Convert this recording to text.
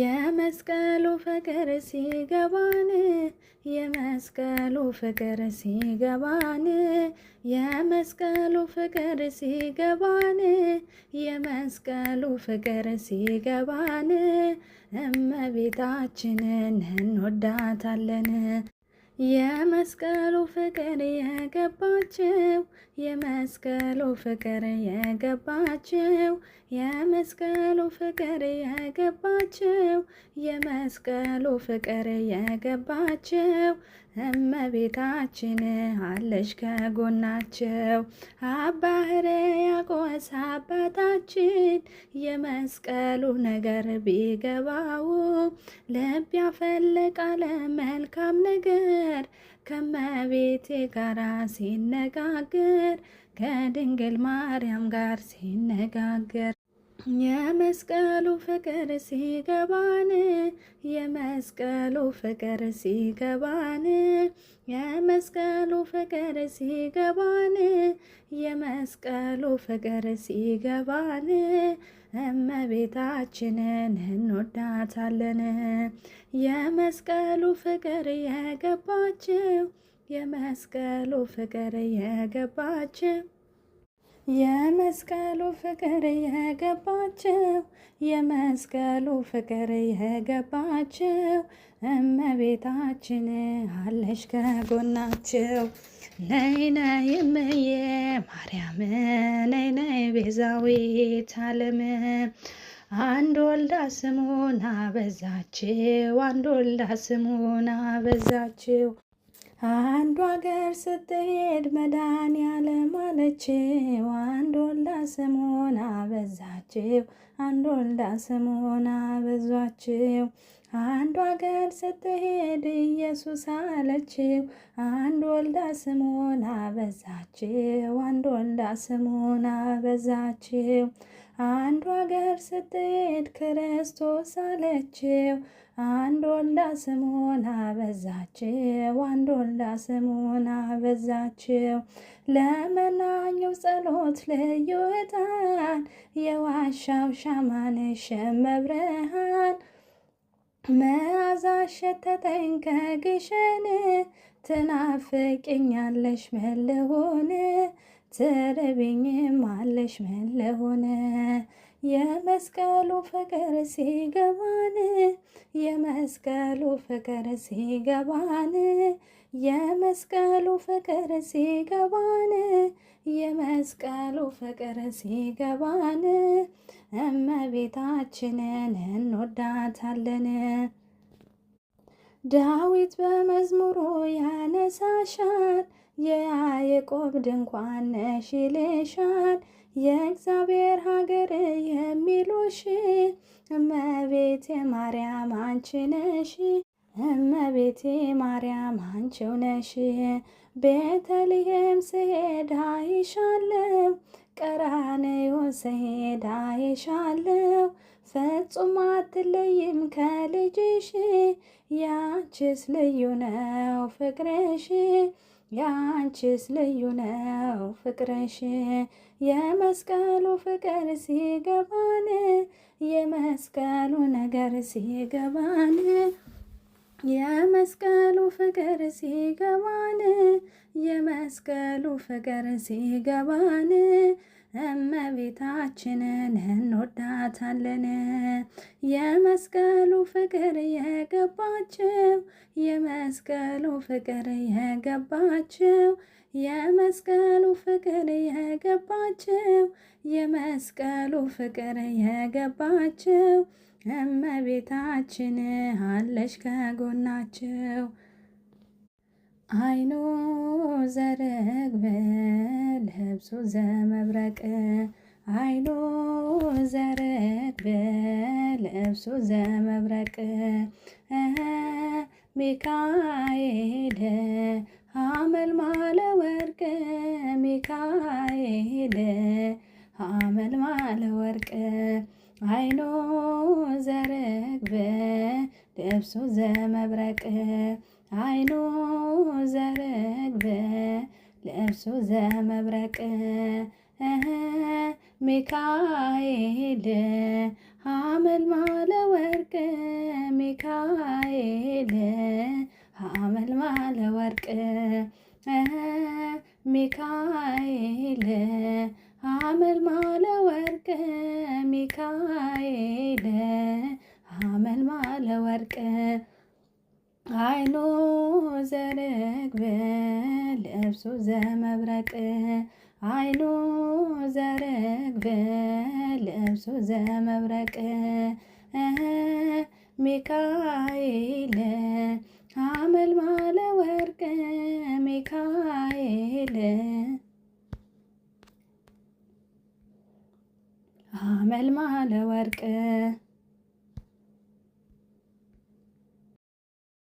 የመስቀሉ ፍቅር ሲገባን የመስቀሉ ፍቅር ሲገባን የመስቀሉ ፍቅር ሲገባን የመስቀሉ ፍቅር ሲገባን እመቤታችንን እንወዳታለን። የመስቀሉ ፍቅር የገባችው የመስቀሉ ፍቅር የገባችው የመስቀሉ ፍቅር የገባችው የመስቀሉ ፍቅር የገባችው እመቤታችን አለሽ ከጎናቸው አባ ሕርያቆስ አባታችን የመስቀሉ ነገር ቢገባው ልብ ያፈለቃለ መልካም ነገር ነገር ከመቤቴ ጋራ ሲነጋገር ከድንግል ማርያም ጋር ሲነጋገር የመስቀሉ ፍቅር ሲገባን የመስቀሉ ፍቅር ሲገባን የመስቀሉ ፍቅር ሲገባን የመስቀሉ ፍቅር ሲገባን እመቤታችንን እንወዳታለን። የመስቀሉ ፍቅር የገባችው የመስቀሉ ፍቅር የገባችው የመስቀሉ ፍቅር የገባቸው የመስቀሉ ፍቅር የገባቸው እመቤታችን አለሽ ከጎናቸው። ነይ ነይ እመዬ ማርያም ነይ ነይ ቤዛዊት ዓለም አንድ ወልዳ ስሙን አበዛችው አንድ ወልዳ ስሙን አበዛችው። አንዱ ሀገር ስትሄድ ያለ አለችው፣ አንድ ወላ ስሙን አበዛችው። አንዱ ወልዳ መሆና በዟችው አንዱ አገር ስትሄድ ኢየሱስ አለችው። አንድ ወልዳ ስምዖን አበዛችው። አንድ ወልዳ ስምዖን አበዛችው። አንዱ አገር ስትሄድ ክርስቶስ አለችው። አንድ ወልዳ ስምዖን አበዛችው። አንድ ወልዳ ስምዖን አበዛችው። ለመናኘው ጸሎት ልዩ ዕጣን የዋሻው ሻማንሽ መብርሃን መዓዛሽ ተጠንቀቅሽን ትናፍቅኛለሽ መለሆነ ትርብኝም አለሽ መለሆነ የመስቀሉ ፍቅር ሲገባን የመስቀሉ ፍቅር ሲገባን የመስቀሉ ፍቅር ሲገባን መስቀሉ ፍቅር ሲገባን እመቤታችንን እንወዳታለን። ዳዊት በመዝሙሩ ያነሳሻል፣ የያዕቆብ ድንኳን ነሽ ይልሻል፣ የእግዚአብሔር ሀገር የሚሉሽ እመቤቴ ማርያም አንቺ ነሽ። እመቤቴ ማርያም አንቺው ነሽ ቤተልሔም ስሄድ አይሻለው ቀራንዮ ስሄድ አይሻለው ፈጹም አትለይም ከልጅሽ ያንቺስ ልዩ ነው ፍቅርሽ ያንቺስ ልዩ ነው ፍቅርሽ የመስቀሉ ፍቅር ሲገባን የመስቀሉ ነገር ሲገባን የመስቀሉ ፍቅር ሲገባን የመስቀሉ ፍቅር ሲገባን እመቤታችንን እንወዳታለን። የመስቀሉ ፍቅር የገባችው የመስቀሉ ፍቅር የገባችው የመስቀሉ ፍቅር የገባችው የመስቀሉ ፍቅር የገባችው እመቤታችን አለሽ ከጎናቸው አይኑ ዘረግብ ለብሶ ዘመብረቅ አይሎ ዘረግ ለብሶ ዘመብረቅ ሚካኤል ሐመልማለ ወርቅ ሚካኤል ሐመልማለ ወርቅ አይሎ ዘረግበ ለብሶ ዘመብረቅ አይሎ ዘረግበ ለእርሱ ዘመብረቅ ሚካኤል ሐመልማለ ወርቅ ሚካኤል ሐመልማለ ወርቅ ሚካኤል ሐመልማለ ወርቅ ሚካኤል ሐመልማለ ወርቅ አይኑ ዘርግብን ልብሱ ዘመብረቅ አይኑ ዘርግብን ልብሱ ዘመብረቅ ሚካኤል አመልማለ ወርቅ ሚካኤል አመልማለ ወርቅ